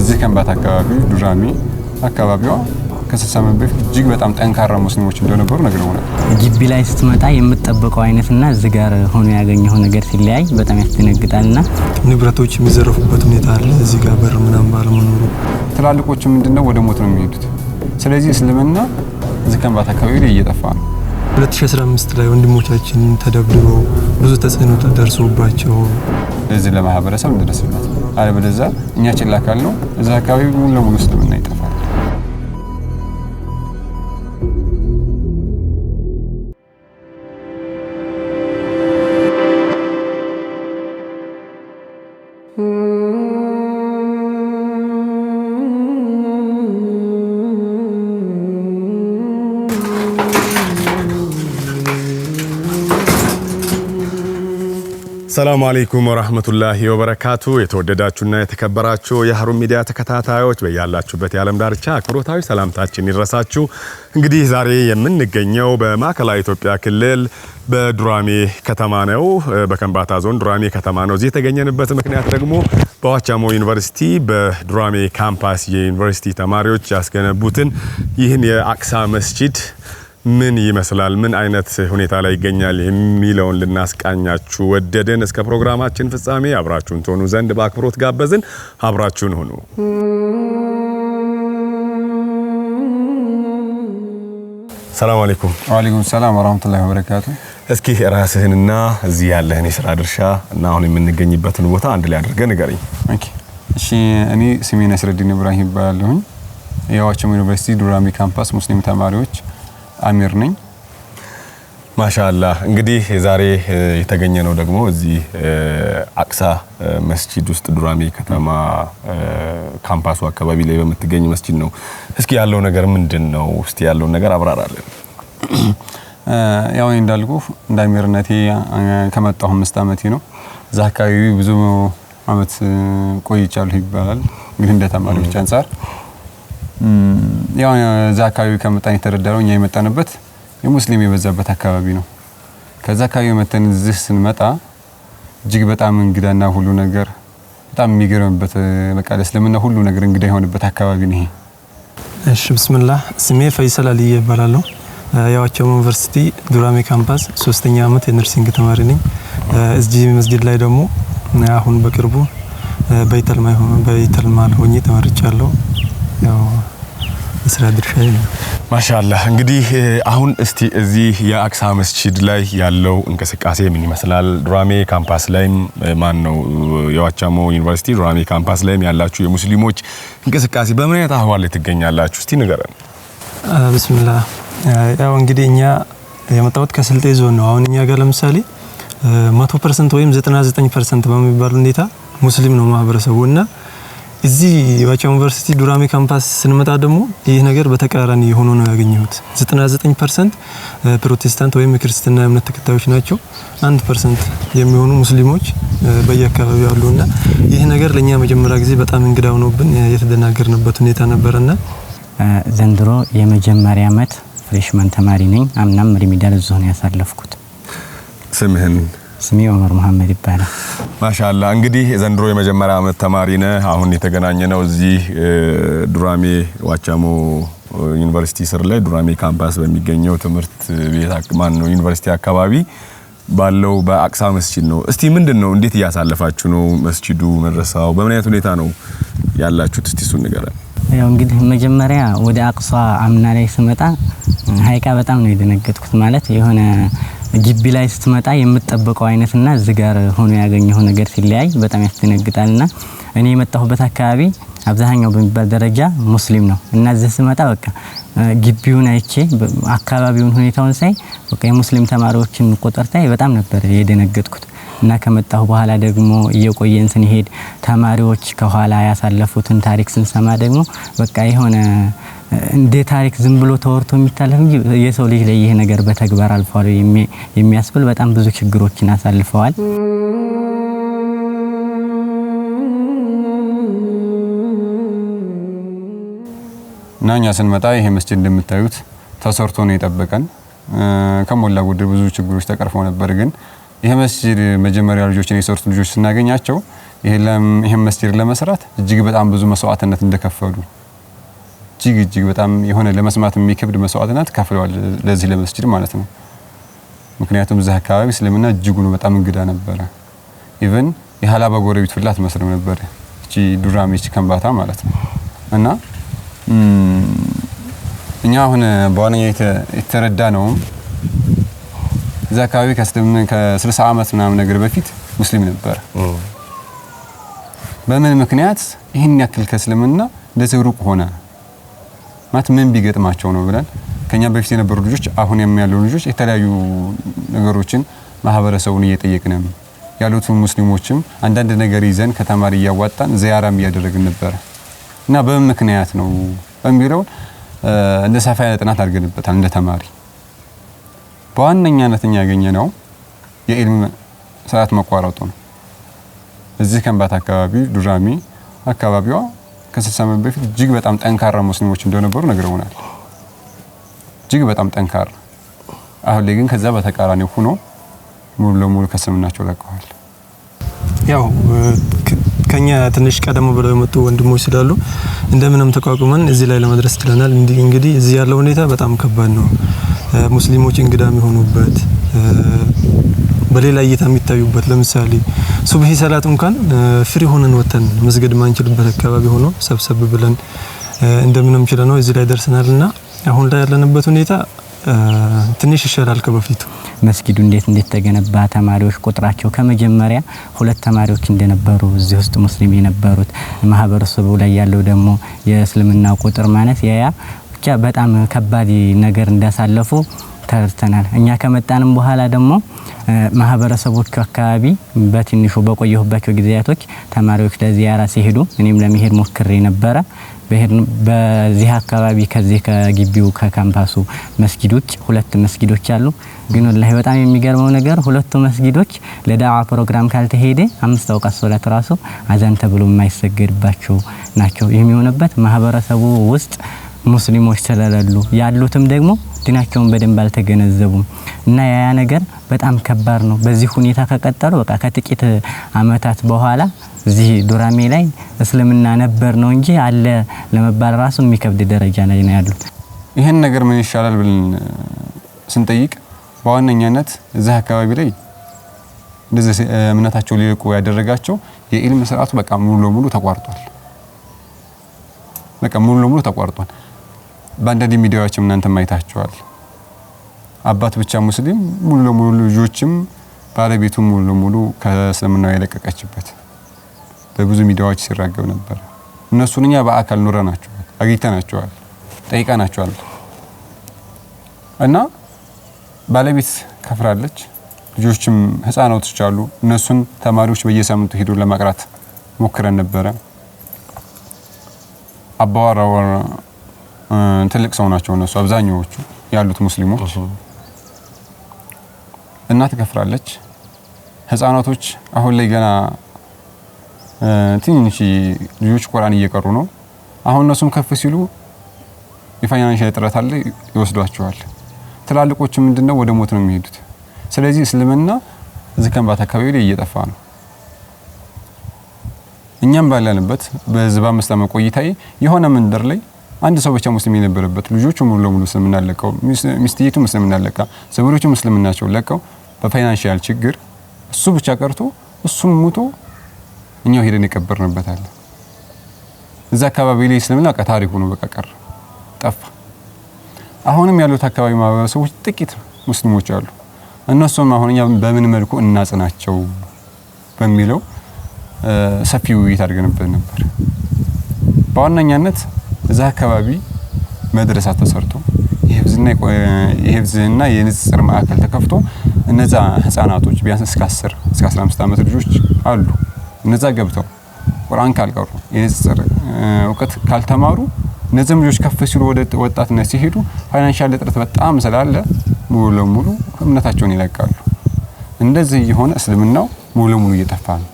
እዚህ ከንባት አካባቢ ዱራሚ አካባቢዋ ከስሳመን በፊት እጅግ በጣም ጠንካራ ሙስሊሞች እንደነበሩ ነግረውናል። ግቢ ላይ ስትመጣ የምትጠበቀው አይነትና እዚህ ጋር ሆኖ ያገኘው ነገር ሲለያይ በጣም ያስደነግጣልና ንብረቶች የሚዘረፉበት ሁኔታ አለ። እዚህ ጋር በር ምናምን ባለመኖሩ ትላልቆቹ ምንድነው ወደ ሞት ነው የሚሄዱት። ስለዚህ እስልምና እዚህ ከንባት አካባቢ ላይ እየጠፋ ነው። 2015 ላይ ወንድሞቻችን ተደብድበው ብዙ ተጽዕኖ ደርሶባቸው እዚህ ለማህበረሰብ እንደረስበት አለበለዚያ እኛ ችላ ካልነው እዛ አካባቢ ሙሉ ለሙሉ ስለምናይጠፋል። ሰላም አለይኩም ወራህመቱላሂ ወበረካቱ። የተወደዳችሁና የተከበራችሁ የሀሩን ሚዲያ ተከታታዮች በያላችሁበት የዓለም ዳርቻ አክብሮታዊ ሰላምታችን ይረሳችሁ። እንግዲህ ዛሬ የምንገኘው በማዕከላዊ ኢትዮጵያ ክልል በዱራሜ ከተማ ነው። በከንባታ ዞን ዱራሜ ከተማ ነው። እዚህ የተገኘንበት ምክንያት ደግሞ በዋቻሞ ዩኒቨርሲቲ በዱራሜ ካምፓስ የዩኒቨርሲቲ ተማሪዎች ያስገነቡትን ይህን የአቅሳ መስጂድ ምን ይመስላል፣ ምን አይነት ሁኔታ ላይ ይገኛል የሚለውን ልናስቃኛችሁ ወደድን። እስከ ፕሮግራማችን ፍጻሜ አብራችሁን ትሆኑ ዘንድ በአክብሮት ጋበዝን። አብራችሁን ሁኑ። ሰላም አለይኩም። ወአለይኩም ሰላም ወራህመቱላሂ ወበረካቱ። እስኪ ራስህንና እዚህ ያለህን የስራ ድርሻ እና አሁን የምንገኝበትን ቦታ አንድ ላይ አድርገህ ንገረኝ። ኦኬ፣ እሺ። እኔ ስሜ ነስረዲን ኢብራሂም ይባላለሁኝ። የዋቸሞ ዩኒቨርሲቲ ዱራሜ ካምፓስ ሙስሊም ተማሪዎች አሚር ነኝ። ማሻአላህ እንግዲህ ዛሬ የተገኘ ነው ደግሞ እዚህ አቅሳ መስጂድ ውስጥ ዱራሜ ከተማ ካምፓሱ አካባቢ ላይ በምትገኝ መስጂድ ነው። እስኪ ያለው ነገር ምንድን ነው? እስቲ ያለውን ነገር አብራራለን። ያው እንዳልኩ እንደ አሚርነቴ ከመጣሁ አምስት ዓመቴ ነው። እዛ አካባቢ ብዙ አመት ቆይቻለሁ ይባላል እንግዲህ እንደ ተማሪዎች አንጻር ያው እዛ አካባቢ ከመጣን የተረዳነው እኛ የመጣንበት የሙስሊም የበዛበት አካባቢ ነው። ከዛ አካባቢ መተን እዚህ ስንመጣ እጅግ በጣም እንግዳና ሁሉ ነገር በጣም የሚገርምበት በቃ ለእስልምና ሁሉ ነገር እንግዳ የሆንበት አካባቢ ነው ይሄ። እሺ ብስምላህ ስሜ ፈይሰል አልዬ እባላለሁ። የዋቸሞ ዩኒቨርሲቲ ዱራሜ ካምፓስ ሶስተኛ ዓመት የነርሲንግ ተማሪ ነኝ። እዚህ መስጂድ ላይ ደግሞ አሁን በቅርቡ በይተልማል ሆኜ ተመርጫለሁ። ያው የስራ ድርሻ ነው። እንግዲህ አሁን እስቲ እዚህ የአክሳ መስጂድ ላይ ያለው እንቅስቃሴ ምን ይመስላል? ዱራሜ ካምፓስ ላይም ማን ነው የዋቻሞ ዩኒቨርሲቲ ዱራሜ ካምፓስ ላይም ያላችሁ የሙስሊሞች እንቅስቃሴ በምን አይነት አህዋል ላይ ትገኛላችሁ? እስቲ ንገረን። ብስሚላህ ያው እንግዲህ እኛ የመጣሁት ከስልጤ ዞን ነው። አሁን እኛ ጋር ለምሳሌ 100% ወይም 99% በሚባል ሁኔታ ሙስሊም ነው ማህበረሰቡና እዚህ ዋቻ ዩኒቨርሲቲ ዱራሜ ካምፓስ ስንመጣ ደግሞ ይህ ነገር በተቃራኒ ሆኖ ነው ያገኘሁት። 99 ፐርሰንት ፕሮቴስታንት ወይም የክርስትና እምነት ተከታዮች ናቸው። አንድ ፐርሰንት የሚሆኑ ሙስሊሞች በየአካባቢው እና ይህ ነገር ለእኛ መጀመሪያ ጊዜ በጣም እንግዳ ሆኖብን የተደናገርንበት ሁኔታ ነበረና ዘንድሮ የመጀመሪያ ዓመት ፍሬሽማን ተማሪ ነኝ። አምናም ሪሚዲያል ዞን ያሳለፍኩት። ስምህን ስሜ ኦመር መሐመድ ይባላል። ማሻላ እንግዲህ ዘንድሮ የመጀመሪያ ዓመት ተማሪ ነህ። አሁን የተገናኘ ነው እዚህ ዱራሜ ዋቻሞ ዩኒቨርሲቲ ስር ላይ ዱራሜ ካምፓስ በሚገኘው ትምህርት ቤት ማን ነው ዩኒቨርሲቲ አካባቢ ባለው በአቅሳ መስጂድ ነው። እስቲ ምንድን ነው እንዴት እያሳለፋችሁ ነው? መስጂዱ መድረሳው በምን አይነት ሁኔታ ነው ያላችሁት? እስቲ እሱን ንገረን። ያው እንግዲህ መጀመሪያ ወደ አቅሷ አምና ላይ ስመጣ ሀይቃ በጣም ነው የደነገጥኩት ማለት የሆነ ግቢ ላይ ስትመጣ የምትጠበቀው አይነትና እዚህ ጋር ሆኖ ያገኘው ነገር ሲለያይ በጣም ያስደነግጣልና እኔ የመጣሁበት አካባቢ አብዛኛው በሚባል ደረጃ ሙስሊም ነው እና እዚህ ስመጣ በቃ ግቢውን አይቼ አካባቢውን ሁኔታውን ሳይ በቃ የሙስሊም ተማሪዎችን ቁጥር ሳይ በጣም ነበር የደነገጥኩት እና ከመጣሁ በኋላ ደግሞ እየቆየን ስንሄድ ተማሪዎች ከኋላ ያሳለፉትን ታሪክ ስንሰማ ደግሞ በቃ የሆነ እንደ ታሪክ ዝም ብሎ ተወርቶ የሚታለፍ እንጂ የሰው ልጅ ላይ ይሄ ነገር በተግባር አልፏል የሚያስብል በጣም ብዙ ችግሮችን አሳልፈዋል። እና እኛ ስንመጣ ይሄ መስጂድ እንደምታዩት ተሰርቶ ነው የጠበቀን። ከሞላ ጎደል ብዙ ችግሮች ተቀርፈው ነበር። ግን ይሄ መስጂድ መጀመሪያ ልጆችን የሰሩት ልጆች ስናገኛቸው ይሄን መስጂድ ለመስራት እጅግ በጣም ብዙ መስዋዕትነት እንደከፈሉ እጅግ እጅግ በጣም የሆነ ለመስማት የሚከብድ መስዋዕትነት ከፍለዋል፣ ለዚህ ለመስጅድ ማለት ነው። ምክንያቱም እዚህ አካባቢ እስልምና ነው በጣም እንግዳ ነበረ። ኢቨን የሀላባ ጎረቤት ፍላት መስለም ነበር እቺ ዱራሜ እቺ ከንባታ ማለት ነው። እና እኛ አሁን በዋነኛ የተረዳ ነው። እዚ አካባቢ ከ60 ዓመት ምናምን ነገር በፊት ሙስሊም ነበረ። በምን ምክንያት ይህን ያክል ከእስልምና እንደዚህ ሩቅ ሆነ? ማለት ምን ቢገጥማቸው ነው ብለን ከኛ በፊት የነበሩ ልጆች አሁን የሚያሉ ልጆች የተለያዩ ነገሮችን ማህበረሰቡን እየጠየቅን ያሉት ሙስሊሞችም አንዳንድ ነገር ይዘን ከተማሪ እያዋጣን ዚያራም እያደረግን ነበረ እና በምን ምክንያት ነው በሚለው እንደ ሰፋ ያለ ጥናት አድርገንበታል። እንደ ተማሪ በዋነኛነት እኛ ያገኘ ነው የኢልም ስርዓት መቋረጡ ነው። እዚህ ከንባት አካባቢ ዱራሚ አካባቢዋ ከስልሳ በፊት እጅግ በጣም ጠንካራ ሙስሊሞች እንደነበሩ ነግረውናል። እጅግ በጣም ጠንካራ። አሁን ላይ ግን ከዛ በተቃራኒ ሆኖ ሙሉ ለሙሉ ከእስልምናቸው ለቀዋል። ያው ከኛ ትንሽ ቀደም ብለው የመጡ ወንድሞች ስላሉ እንደምንም ተቋቁመን እዚህ ላይ ለመድረስ ችለናል። እንግዲህ እዚህ ያለው ሁኔታ በጣም ከባድ ነው። ሙስሊሞች እንግዳ የሚሆኑበት በሌላ እይታ የሚታዩበት ለምሳሌ ሱብሂ ሰላት እንኳን ፍሪ ሆነን ወተን መስገድ ማንችልበት አካባቢ ሆኖ ሰብሰብ ብለን እንደምንም ችለ ነው እዚህ ላይ ደርሰናልና አሁን ላይ ያለንበት ሁኔታ ትንሽ ይሻላል ከበፊቱ። መስጊዱ እንዴት እንዴት ተገነባ? ተማሪዎች ቁጥራቸው ከመጀመሪያ ሁለት ተማሪዎች እንደነበሩ እዚህ ውስጥ ሙስሊም የነበሩት ማህበረሰቡ ላይ ያለው ደግሞ የእስልምና ቁጥር ማለት ያያ ብቻ በጣም ከባድ ነገር እንዳሳለፉ ተረድተናል። እኛ ከመጣንም በኋላ ደግሞ ማህበረሰቦቹ አካባቢ በትንሹ በቆየሁባቸው ጊዜያቶች ተማሪዎች ለዚያራ ሲሄዱ እኔም ለመሄድ ሞክሬ ነበረ። በዚህ አካባቢ ከዚህ ከግቢው ከካምፓሱ መስጊድ ውጭ ሁለት መስጊዶች አሉ። ግን ወላሂ በጣም የሚገርመው ነገር ሁለቱ መስጊዶች ለዳዋ ፕሮግራም ካልተሄደ አምስት አውቃት ሶላት ራሱ አዛን ተብሎ የማይሰገድባቸው ናቸው። የሚሆንበት ማህበረሰቡ ውስጥ ሙስሊሞች ስለሌሉ ያሉትም ደግሞ ድናቸውን በደንብ አልተገነዘቡም እና ያ ነገር በጣም ከባድ ነው። በዚህ ሁኔታ ከቀጠሉ በቃ ከጥቂት አመታት በኋላ እዚህ ዱራሜ ላይ እስልምና ነበር ነው እንጂ አለ ለመባል ራሱ የሚከብድ ደረጃ ላይ ነው ያሉት። ይህን ነገር ምን ይሻላል ብለን ስንጠይቅ በዋነኛነት እዚህ አካባቢ ላይ እንደዚህ እምነታቸው ሊልቁ ያደረጋቸው የኢልም ስርዓቱ በቃ ሙሉ ለሙሉ ተቋርጧል። በቃ ሙሉ ለሙሉ ተቋርጧል። በአንዳንድ ሚዲያዎችም እናንተ አይታችኋል። አባት ብቻ ሙስሊም ሙሉ ለሙሉ ልጆችም ባለቤቱ ሙሉ ለሙሉ ከእስልምናው የለቀቀችበት በብዙ ሚዲያዎች ሲራገብ ነበር። እነሱን እኛ በአካል ኑረ ናቸዋል፣ አግኝተ ናቸዋል፣ ጠይቃ ናቸዋል። እና ባለቤት ከፍራለች፣ ልጆችም ህፃናቶች አሉ። እነሱን ተማሪዎች በየሳምንቱ ሄዱ ለማቅራት ሞክረን ነበረ አባዋራ ትልቅ ሰው ናቸው እነሱ አብዛኛዎቹ ያሉት ሙስሊሞች እና ትከፍራለች። ህፃናቶች አሁን ላይ ገና ትንንሽ ልጆች ቁርአን እየቀሩ ነው። አሁን እነሱም ከፍ ሲሉ የፋይናንሻል እጥረት አለ፣ ይወስዷቸዋል። ትላልቆቹ ምንድነው ወደ ሞት ነው የሚሄዱት። ስለዚህ እስልምና እዚህ ከንባት አካባቢ ላይ እየጠፋ ነው። እኛም ባለንበት በዚህ በአምስት ዓመት ቆይታዬ የሆነ መንደር ላይ አንድ ሰው ብቻ ሙስሊም የነበረበት ልጆቹ ሙሉ ለሙሉ እስልምና ለቀው፣ ሚስትየቱ እስልምና ለቃ፣ ዘመዶቹ እስልምናቸው ለቀው በፋይናንሽያል ችግር እሱ ብቻ ቀርቶ እሱም ሙቶ እኛው ሄደን የቀበርንበታል። እዛ አካባቢ ላይ እስልምና በቃ ታሪክ ሆኖ በቃ ቀረ፣ ጠፋ። አሁንም ያሉት አካባቢ ማህበረሰቦች ጥቂት ሙስሊሞች አሉ። እነሱም አሁን እኛ በምን መልኩ እናጽናቸው በሚለው ሰፊ ውይይት አድርገንበት ነበር በዋነኛነት እዛ አካባቢ መድረሳ ተሰርቶ የህፍዝና የንጽጽር ማዕከል ተከፍቶ እነዛ ህጻናቶች ቢያንስ እስከ 10 እስከ 15 ዓመት ልጆች አሉ። እነዛ ገብተው ቁርአን ካልቀሩ የንጽጽር እውቀት ካልተማሩ እነዚህም ልጆች ከፍ ሲሉ ወደ ወጣትነት ሲሄዱ ፋይናንሻል እጥረት በጣም ስላለ ሙሉ ለሙሉ እምነታቸውን ይለቃሉ። እንደዚህ የሆነ እስልምናው ሙሉ ለሙሉ እየጠፋ ነው።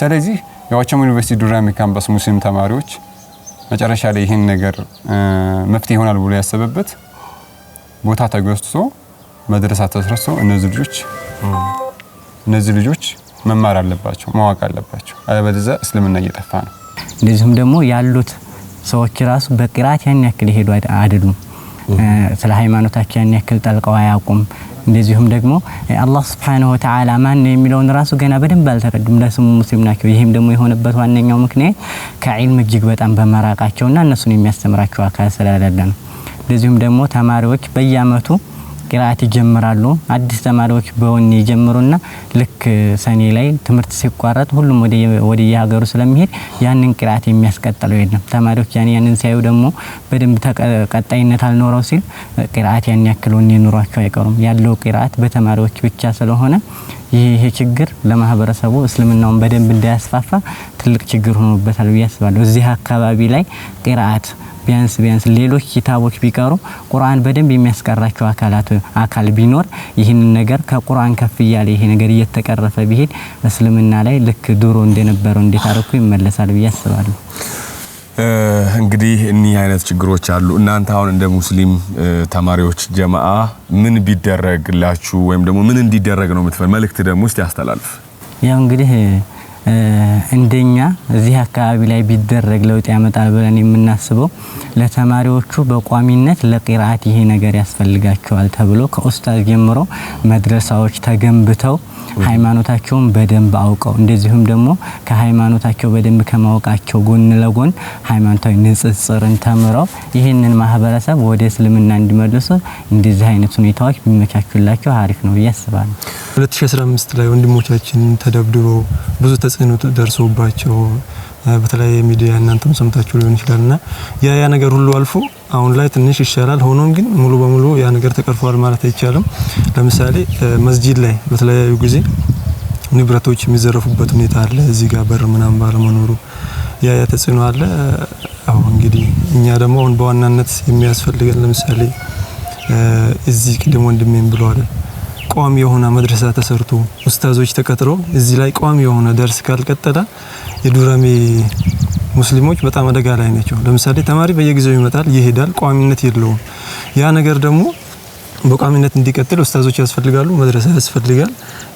ስለዚህ የዋቸሞ ዩኒቨርሲቲ ዱራሜ ካምፓስ ሙስሊም ተማሪዎች መጨረሻ ላይ ይህን ነገር መፍትሄ ይሆናል ብሎ ያሰበበት ቦታ ተገዝቶ መድረሳ ተስረሶ እነዚህ ልጆች እነዚህ ልጆች መማር አለባቸው፣ ማወቅ አለባቸው። አለበለዚያ እስልምና እየጠፋ ነው። እንደዚሁም ደግሞ ያሉት ሰዎች ራሱ በቅራት ያን ያክል ይሄዱ አይደሉም። ስለ ሃይማኖታቸው ያን ያክል ጠልቀው አያውቁም። እንደዚሁም ደግሞ አላህ ስብሓነሁ ወተዓላ ማን ነው የሚለውን ራሱ ገና በደንብ አልተረዱም። ለስሙ ሙስሊም ናቸው። ይህም ደግሞ የሆነበት ዋነኛው ምክንያት ከዒልም እጅግ በጣም በመራቃቸውና እነሱን የሚያስተምራቸው አካል ስለሌለ ነው። እንደዚሁም ደግሞ ተማሪዎች በየአመቱ ቅርአት ይጀምራሉ። አዲስ ተማሪዎች በወኔ ይጀምሩና ልክ ሰኔ ላይ ትምህርት ሲቋረጥ ሁሉም ወደ የሀገሩ ስለሚሄድ ያንን ቅርአት የሚያስቀጥለው የለም። ተማሪዎች ያን ያንን ሲያዩ ደግሞ በደንብ ተቀጣይነት አልኖረው ሲል ቅርአት ያን ወኔ ኑሯቸው አይቀሩም። ያለው ቅርአት በተማሪዎች ብቻ ስለሆነ ይሄ ችግር ለማህበረሰቡ እስልምናውን በደንብ እንዳያስፋፋ ትልቅ ችግር ሆኖበታል ብዬ አስባለሁ። እዚህ አካባቢ ላይ ቅርአት ቢያንስ ቢያንስ ሌሎች ኪታቦች ቢቀሩ ቁርአን በደንብ የሚያስቀራቸው አካላት አካል ቢኖር ይህንን ነገር ከቁርአን ከፍ እያለ ይሄ ነገር እየተቀረፈ ቢሄድ እስልምና ላይ ልክ ድሮ እንደነበረው እንዴት አርኩ ይመለሳል ብዬ አስባለሁ። እንግዲህ እኒህ አይነት ችግሮች አሉ። እናንተ አሁን እንደ ሙስሊም ተማሪዎች ጀማአ ምን ቢደረግላችሁ ወይም ደግሞ ምን እንዲደረግ ነው የምትፈል መልእክት ደግሞ እስቲ ያስተላልፍ። ያው እንግዲህ እንደኛ እዚህ አካባቢ ላይ ቢደረግ ለውጥ ያመጣል ብለን የምናስበው ለተማሪዎቹ በቋሚነት ለቂርአት ይሄ ነገር ያስፈልጋቸዋል ተብሎ ከኡስታዝ ጀምሮ መድረሳዎች ተገንብተው ሃይማኖታቸውን በደንብ አውቀው እንደዚሁም ደግሞ ከሃይማኖታቸው በደንብ ከማወቃቸው ጎን ለጎን ሃይማኖታዊ ንጽጽርን ተምረው ይህንን ማህበረሰብ ወደ እስልምና እንዲመልሱ እንደዚህ አይነት ሁኔታዎች ቢመቻቹላቸው አሪፍ ነው ብዬ አስባለሁ። 2015 ላይ ወንድሞቻችን ተደብድበው ብዙ ተጽዕኖ ደርሶባቸው በተለያየ ሚዲያ እናንተም ሰምታችሁ ሊሆን ይችላል እና ያ ያ ነገር ሁሉ አልፎ አሁን ላይ ትንሽ ይሻላል። ሆኖም ግን ሙሉ በሙሉ ያ ነገር ተቀርፏል ማለት አይቻልም። ለምሳሌ መስጂድ ላይ በተለያዩ ጊዜ ንብረቶች የሚዘረፉበት ሁኔታ አለ። እዚህ ጋር በር ምናምን ባለመኖሩ ያ ያ ተጽዕኖ አለ። አሁን እንግዲህ እኛ ደግሞ አሁን በዋናነት የሚያስፈልገን ለምሳሌ እዚህ ቅድም ወንድሜም ብለዋል ቋሚ የሆነ መድረሳ ተሰርቶ ኡስታዞች ተቀጥረው እዚህ ላይ ቋሚ የሆነ ደርስ ካልቀጠለ የዱራሜ ሙስሊሞች በጣም አደጋ ላይ ናቸው። ለምሳሌ ተማሪ በየጊዜው ይመጣል፣ ይሄዳል፣ ቋሚነት የለውም። ያ ነገር ደግሞ በቋሚነት እንዲቀጥል ኡስታዞች ያስፈልጋሉ፣ መድረሳ ያስፈልጋል።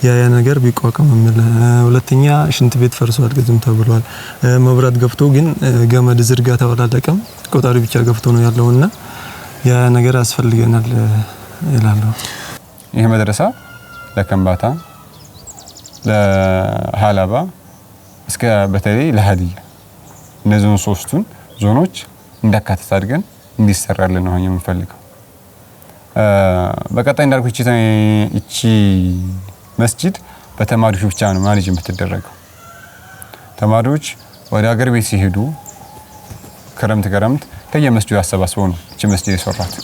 ያ ያ ነገር ቢቋቋም የሚል ሁለተኛ፣ ሽንት ቤት ፈርሷል፣ ቅድም ተብሏል። መብራት ገብቶ ግን ገመድ ዝርጋ አላለቀም፣ ቆጣሪ ብቻ ገብቶ ነው ያለውና ያ ነገር ያስፈልገናል ይላሉ። ይህ መድረሳ ለከምባታ፣ ለሀላባ እስከ በተለይ ለሀዲያ እነዚህን ሶስቱን ዞኖች እንዳካተት አድርገን እንዲሰራልን ነው የምንፈልገው። በቀጣይ እንዳልኩ እቺ መስጂድ በተማሪዎች ብቻ ነው ማኔጅ የምትደረገው። ተማሪዎች ወደ ሀገር ቤት ሲሄዱ ክረምት ክረምት ከየመስጂዱ አሰባስበው ነው እቺ መስጂድ የሰራት።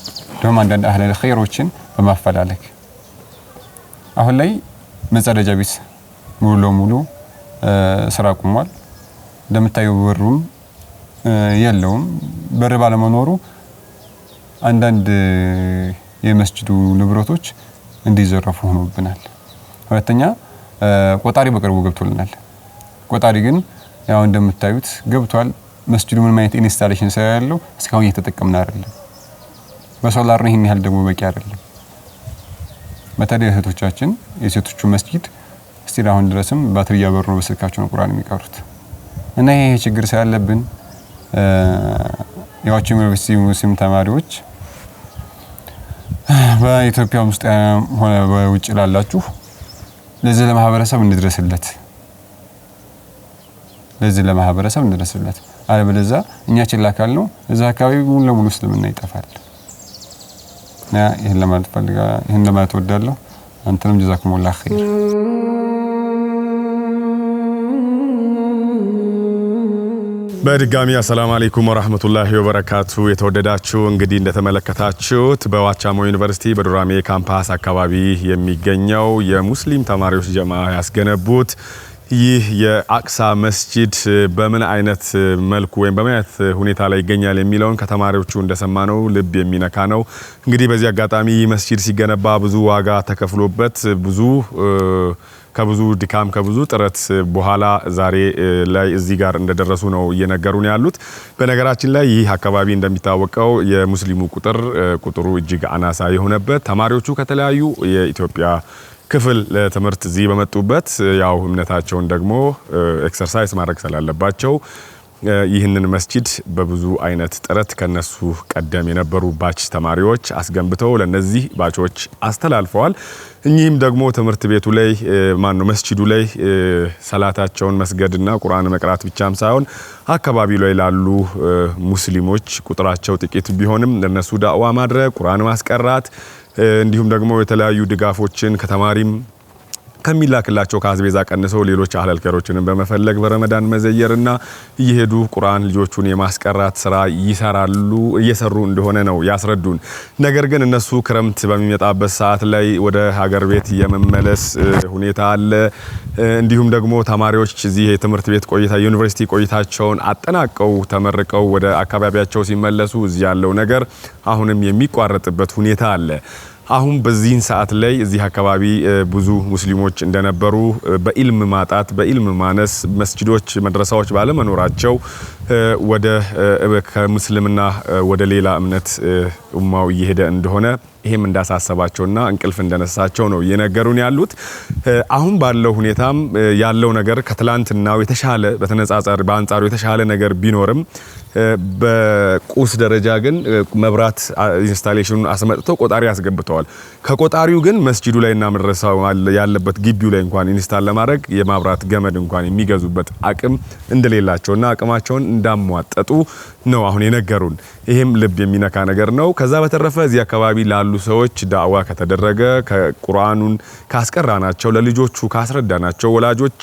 ደግሞ አንዳንድ አህለል ኸይሮችን በማፈላለግ አሁን ላይ መጸደጃ ቤት ሙሉ ለሙሉ ስራ ቁሟል። እንደምታየው በሩም የለውም። በር ባለመኖሩ አንዳንድ የመስጅዱ ንብረቶች እንዲዘረፉ ሆኖብናል። ሁለተኛ ቆጣሪ በቅርቡ ገብቶልናል። ቆጣሪ ግን ያው እንደምታዩት ገብቷል። መስጅዱ ምንም አይነት ኢንስታሌሽን ስራ እስካሁን እየተጠቀምን አይደለም። በሶላር ነው። ይህን ያህል ደግሞ በቂ አይደለም። በተለይ እህቶቻችን የሴቶቹ መስጊድ እስቲል አሁን ድረስም ባትሪ እያበሩ ነው በስልካቸው ነው ቁርአን የሚቀሩት። እና ይሄ ችግር ስላለብን የዋቸው ዩኒቨርሲቲ ሙስሊም ተማሪዎች በኢትዮጵያ ውስጥ ሆነ በውጭ ላላችሁ ለዚህ ለማህበረሰብ እንድረስለት ለዚህ ለማህበረሰብ እንድረስለት፣ አለበለዚያ እኛ ችላ ካልነው እዛ አካባቢ ሙሉ ለሙሉ እስልምና ይጠፋል። ይህን ለማለት ፈልጋ ይህን ለማለት ወዳለሁ። አንተንም ጀዛኩሙላ ኸይር። በድጋሚ አሰላሙ አለይኩም ወራህመቱላሂ ወበረካቱ። የተወደዳችሁ እንግዲህ እንደተመለከታችሁት በዋቻሞ ዩኒቨርሲቲ በዱራሜ ካምፓስ አካባቢ የሚገኘው የሙስሊም ተማሪዎች ጀማ ያስገነቡት ይህ የአቅሳ መስጂድ በምን አይነት መልኩ ወይም በምን አይነት ሁኔታ ላይ ይገኛል የሚለውን ከተማሪዎቹ እንደሰማ ነው ልብ የሚነካ ነው። እንግዲህ በዚህ አጋጣሚ ይህ መስጂድ ሲገነባ ብዙ ዋጋ ተከፍሎበት ብዙ ከብዙ ድካም ከብዙ ጥረት በኋላ ዛሬ ላይ እዚህ ጋር እንደደረሱ ነው እየነገሩን ያሉት። በነገራችን ላይ ይህ አካባቢ እንደሚታወቀው የሙስሊሙ ቁጥር ቁጥሩ እጅግ አናሳ የሆነበት ተማሪዎቹ ከተለያዩ የኢትዮጵያ ክፍል ለትምህርት እዚህ በመጡበት ያው እምነታቸውን ደግሞ ኤክሰርሳይዝ ማድረግ ስላለባቸው ይህንን መስጂድ በብዙ አይነት ጥረት ከነሱ ቀደም የነበሩ ባች ተማሪዎች አስገንብተው ለነዚህ ባቾች አስተላልፈዋል። እኚህም ደግሞ ትምህርት ቤቱ ላይ ማነው መስጂዱ ላይ ሰላታቸውን መስገድና ቁርአን መቅራት ብቻም ሳይሆን አካባቢው ላይ ላሉ ሙስሊሞች ቁጥራቸው ጥቂት ቢሆንም ለነሱ ዳዕዋ ማድረግ ቁርአን ማስቀራት እንዲሁም ደግሞ የተለያዩ ድጋፎችን ከተማሪም ከሚላክላቸው ከአዝቤዛ ቀንሰው ሌሎች አህለልከሮችንም በመፈለግ በረመዳን መዘየርና እየሄዱ ቁርአን ልጆቹን የማስቀራት ስራ ይሰራሉ እየሰሩ እንደሆነ ነው ያስረዱን። ነገር ግን እነሱ ክረምት በሚመጣበት ሰዓት ላይ ወደ ሀገር ቤት የመመለስ ሁኔታ አለ። እንዲሁም ደግሞ ተማሪዎች እዚህ የትምህርት ቤት ቆይታ ዩኒቨርሲቲ ቆይታቸውን አጠናቀው ተመርቀው ወደ አካባቢያቸው ሲመለሱ እዚህ ያለው ነገር አሁንም የሚቋረጥበት ሁኔታ አለ። አሁን በዚህን ሰዓት ላይ እዚህ አካባቢ ብዙ ሙስሊሞች እንደነበሩ በኢልም ማጣት በኢልም ማነስ መስጅዶች፣ መድረሳዎች ባለመኖራቸው ወደ ከሙስልምና ወደ ሌላ እምነት ኡማው እየሄደ እንደሆነ ይሄም እንዳሳሰባቸውና እንቅልፍ እንደነሳቸው ነው እየነገሩን ያሉት። አሁን ባለው ሁኔታም ያለው ነገር ከትላንትናው የተሻለ በተነጻጻሪ በአንጻሩ የተሻለ ነገር ቢኖርም በቁስ ደረጃ ግን መብራት ኢንስታሌሽኑን አስመጥቶ ቆጣሪ አስገብተዋል። ከቆጣሪው ግን መስጂዱ ላይ እና መድረሳው ያለበት ግቢው ላይ እንኳን ኢንስታል ለማድረግ የማብራት ገመድ እንኳን የሚገዙበት አቅም እንደሌላቸውና አቅማቸውን እንዳሟጠጡ ነው አሁን የነገሩን። ይህም ልብ የሚነካ ነገር ነው። ከዛ በተረፈ እዚህ አካባቢ ላሉ ሰዎች ዳዕዋ ከተደረገ ከቁርአኑን ካስቀራናቸው፣ ለልጆቹ ካስረዳናቸው ወላጆች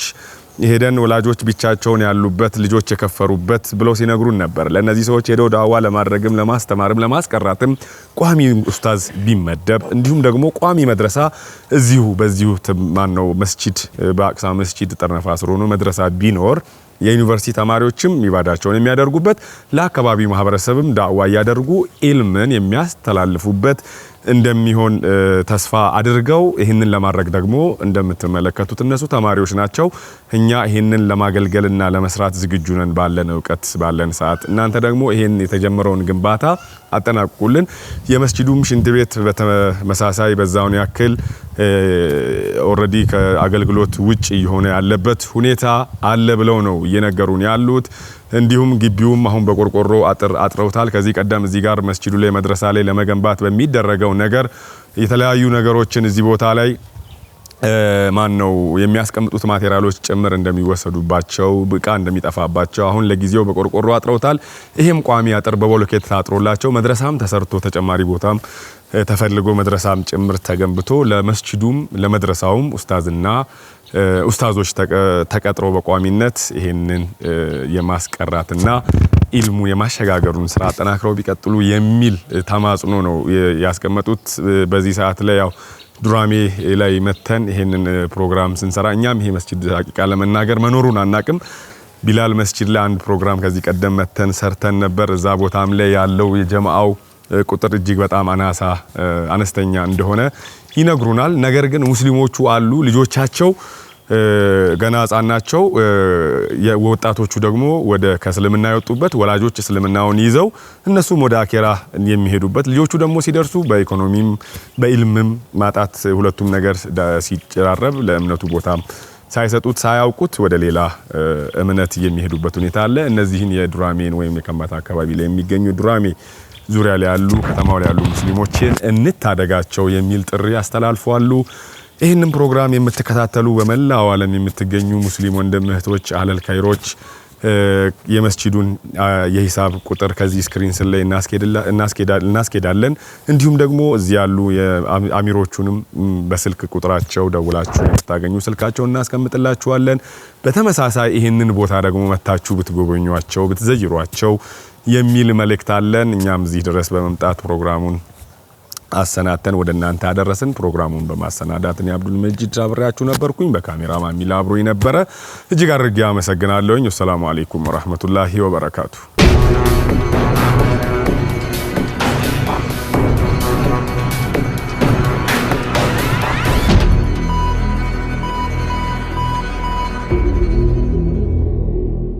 ሄደን ወላጆች ብቻቸውን ያሉበት ልጆች የከፈሩበት ብለው ሲነግሩን ነበር። ለእነዚህ ሰዎች ሄደው ዳዋ ለማድረግም ለማስተማርም ለማስቀራትም ቋሚ ኡስታዝ ቢመደብ እንዲሁም ደግሞ ቋሚ መድረሳ እዚሁ በዚሁ ማን ነው መስጂድ በአቅሳ መስጂድ ጠርነፋ ስር ሆኖ መድረሳ ቢኖር የዩኒቨርሲቲ ተማሪዎችም ይባዳቸውን የሚያደርጉበት ለአካባቢው ማህበረሰብም ዳዋ እያደርጉ ኢልምን የሚያስተላልፉበት እንደሚሆን ተስፋ አድርገው ይህንን ለማድረግ ደግሞ እንደምትመለከቱት እነሱ ተማሪዎች ናቸው። እኛ ይህንን ለማገልገልና ለመስራት ዝግጁ ነን ባለን እውቀት ባለን ሰዓት። እናንተ ደግሞ ይህን የተጀመረውን ግንባታ አጠናቅቁልን። የመስጂዱም ሽንት ቤት በተመሳሳይ በዛውን ያክል ኦልሬዲ ከአገልግሎት ውጭ እየሆነ ያለበት ሁኔታ አለ ብለው ነው እየነገሩን ያሉት። እንዲሁም ግቢውም አሁን በቆርቆሮ አጥር አጥረውታል። ከዚህ ቀደም እዚህ ጋር መስጂዱ ላይ መድረሳ ላይ ለመገንባት በሚደረገው ነገር የተለያዩ ነገሮችን እዚህ ቦታ ላይ ማን ነው የሚያስቀምጡት ማቴሪያሎች ጭምር እንደሚወሰዱባቸው እቃ እንደሚጠፋባቸው አሁን ለጊዜው በቆርቆሮ አጥረውታል። ይህም ቋሚ አጥር በቦሎኬት ታጥሮላቸው መድረሳም ተሰርቶ ተጨማሪ ቦታም ተፈልጎ መድረሳም ጭምር ተገንብቶ ለመስጅዱም ለመድረሳውም ኡስታዝና ኡስታዞች ተቀጥሮ በቋሚነት ይሄንን የማስቀራትና ኢልሙ የማሸጋገሩን ስራ አጠናክረው ቢቀጥሉ የሚል ተማጽኖ ነው ያስቀመጡት። በዚህ ሰዓት ላይ ያው ዱራሜ ላይ መተን ይሄንን ፕሮግራም ስንሰራ እኛም ይሄ መስጅድ ሀቂቃ ለመናገር መኖሩን አናቅም። ቢላል መስጅድ ላይ አንድ ፕሮግራም ከዚህ ቀደም መተን ሰርተን ነበር። እዛ ቦታም ላይ ያለው የጀማአው ቁጥር እጅግ በጣም አናሳ አነስተኛ እንደሆነ ይነግሩናል። ነገር ግን ሙስሊሞቹ አሉ ልጆቻቸው ገና ህጻን ናቸው። ወጣቶቹ ደግሞ ወደ ከእስልምና የወጡበት ወላጆች እስልምናውን ይዘው እነሱም ወደ አኬራ የሚሄዱበት ልጆቹ ደግሞ ሲደርሱ በኢኮኖሚም በኢልምም ማጣት ሁለቱም ነገር ሲጨራረብ ለእምነቱ ቦታም ሳይሰጡት ሳያውቁት ወደ ሌላ እምነት የሚሄዱበት ሁኔታ አለ። እነዚህን የዱራሜን ወይም የከማታ አካባቢ ላይ የሚገኙ ዱራሜ ዙሪያ ላይ ያሉ ከተማው ላይ ያሉ ሙስሊሞችን እንታደጋቸው የሚል ጥሪ አስተላልፈዋል። ይህንን ፕሮግራም የምትከታተሉ በመላው ዓለም የምትገኙ ሙስሊም ወንድም እህቶች አለል የመስጂዱን የሂሳብ ቁጥር ከዚህ ስክሪን ስል ላይ እናስኬዳለን። እንዲሁም ደግሞ እዚህ ያሉ አሚሮቹንም በስልክ ቁጥራቸው ደውላችሁ የምታገኙ ስልካቸውን እናስቀምጥላችኋለን። በተመሳሳይ ይህንን ቦታ ደግሞ መታችሁ ብትጎበኟቸው፣ ብትዘይሯቸው የሚል መልእክት አለን። እኛም እዚህ ድረስ በመምጣት ፕሮግራሙን አሰናተን ወደ እናንተ ያደረስን ፕሮግራሙን በማሰናዳት እኔ አብዱል መጂድ አብሬያችሁ ነበርኩኝ። በካሜራማ ሚላ አብሮ የነበረ እጅግ አድርጌ አመሰግናለሁኝ። ወሰላሙ አሌይኩም ወረህመቱላሂ ወበረካቱ።